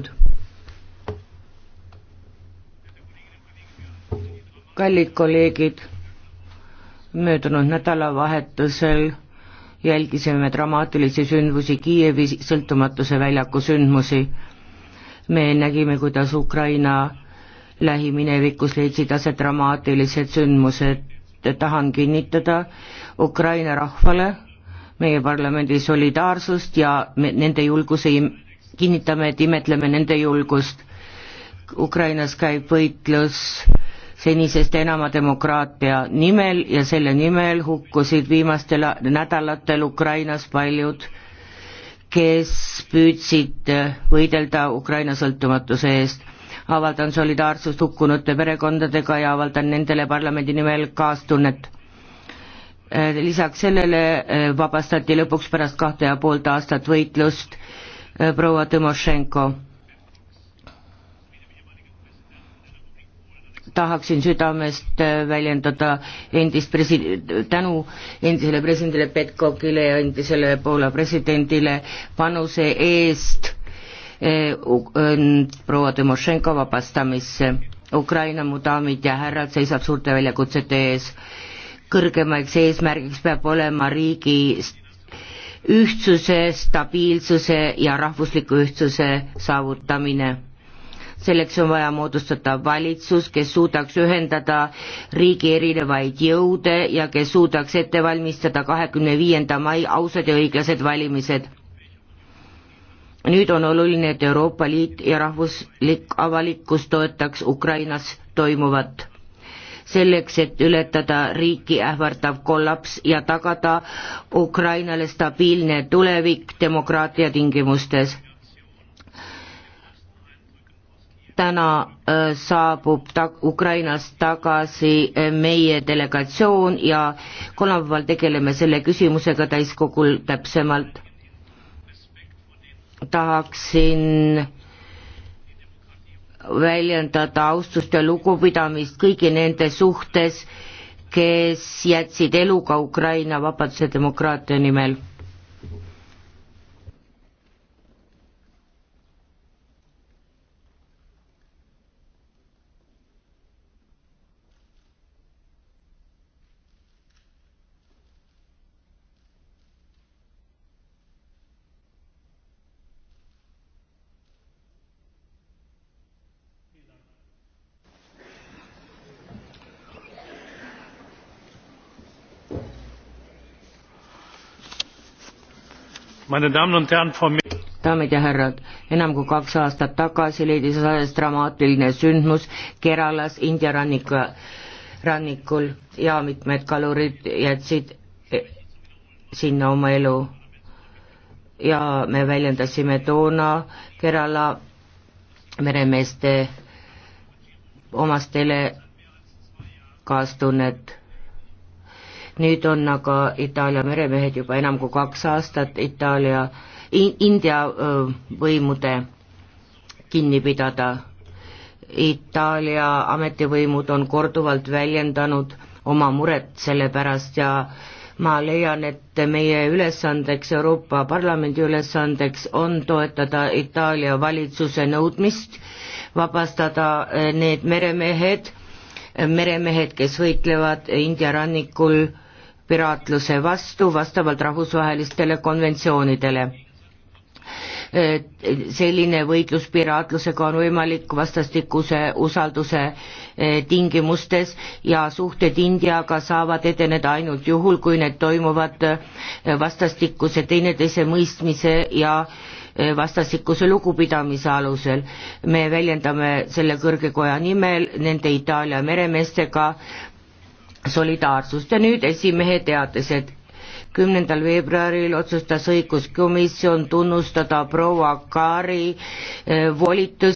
tehtud. kallid kolleegid, möödunud nädalavahetusel jälgisime dramaatilisi sündmusi Kiievi sõltumatuse väljaku sündmusi. me nägime, kuidas Ukraina lähiminevikus leidsid aset dramaatilised sündmused. tahan kinnitada Ukraina rahvale meie parlamendi solidaarsust ja nende julguse kinnitame, et imetleme nende julgust. Ukrainas käib võitlus senisest enama demokraatia nimel ja selle nimel hukkusid viimastel nädalatel Ukrainas paljud, kes püüdsid võidelda Ukraina sõltumatuse eest. avaldan solidaarsust hukkunute perekondadega ja avaldan nendele parlamendi nimel kaastunnet äh, lisaks sellele äh, vabastati lõpuks pärast kahte ja poolt aastat võitlust Eh, proua Timošenko. tahaksin südamest eh, väljendada endist presi-, tänu endisele presidendile Petkokile ja endisele Poola presidendile panuse eest eh, proua Timošenko vabastamisse. Ukraina, mu daamid ja härrad, seisab suurte väljakutsete ees. kõrgemaks eesmärgiks peab olema riigi ühtsuse, stabiilsuse ja rahvusliku ühtsuse saavutamine. selleks on vaja moodustada valitsus, kes suudaks ühendada riigi erinevaid jõude ja kes suudaks ette valmistada kahekümne viienda mai ausad ja õiglased valimised nüüd on oluline, et Euroopa Liit ja rahvuslik avalikkus toetaks Ukrainas toimuvat selleks, et ületada riiki ähvardav kollaps ja tagada Ukrainale stabiilne tulevik demokraatia tingimustes. täna äh, saabub ta-, Ukrainast tagasi äh, meie delegatsioon ja kolmapäeval tegeleme selle küsimusega täiskogul täpsemalt. tahaksin väljendada austust ja lugupidamist kõigi nende suhtes, kes jätsid elu ka Ukraina vabaduse demokraatia nimel daamid ja härrad, enam kui kaks aastat tagasi leidis aset dramaatiline sündmus Keralas India ranniku, rannikul ja mitmed kalurid jätsid e, sinna oma elu. ja me väljendasime toona Kerala meremeeste omastele kaastunnet nüüd on aga Itaalia meremehed juba enam kui kaks aastat Itaalia in,, India võimude kinni pidada. Itaalia ametivõimud on korduvalt väljendanud oma muret selle pärast ja ma leian, et meie ülesandeks, Euroopa Parlamendi ülesandeks on toetada Itaalia valitsuse nõudmist vabastada eh, need meremehed, meremehed, kes võitlevad India rannikul piraatluse vastu vastavalt rahvusvahelistele konventsioonidele. selline võitlus piraatlusega on võimalik vastastikuse usalduse e, tingimustes ja suhted Indiaga saavad edeneda ainult juhul, kui need toimuvad e, vastastikuse teineteise mõistmise ja e, vastastikuse lugupidamise alusel. me väljendame selle kõrge koja nimel nende Itaalia meremeestega, solidaarsust ja nüüd esimehe teatised. kümnendal veebruaril otsustas õiguskomisjon tunnustada proua Kaari eh, volitus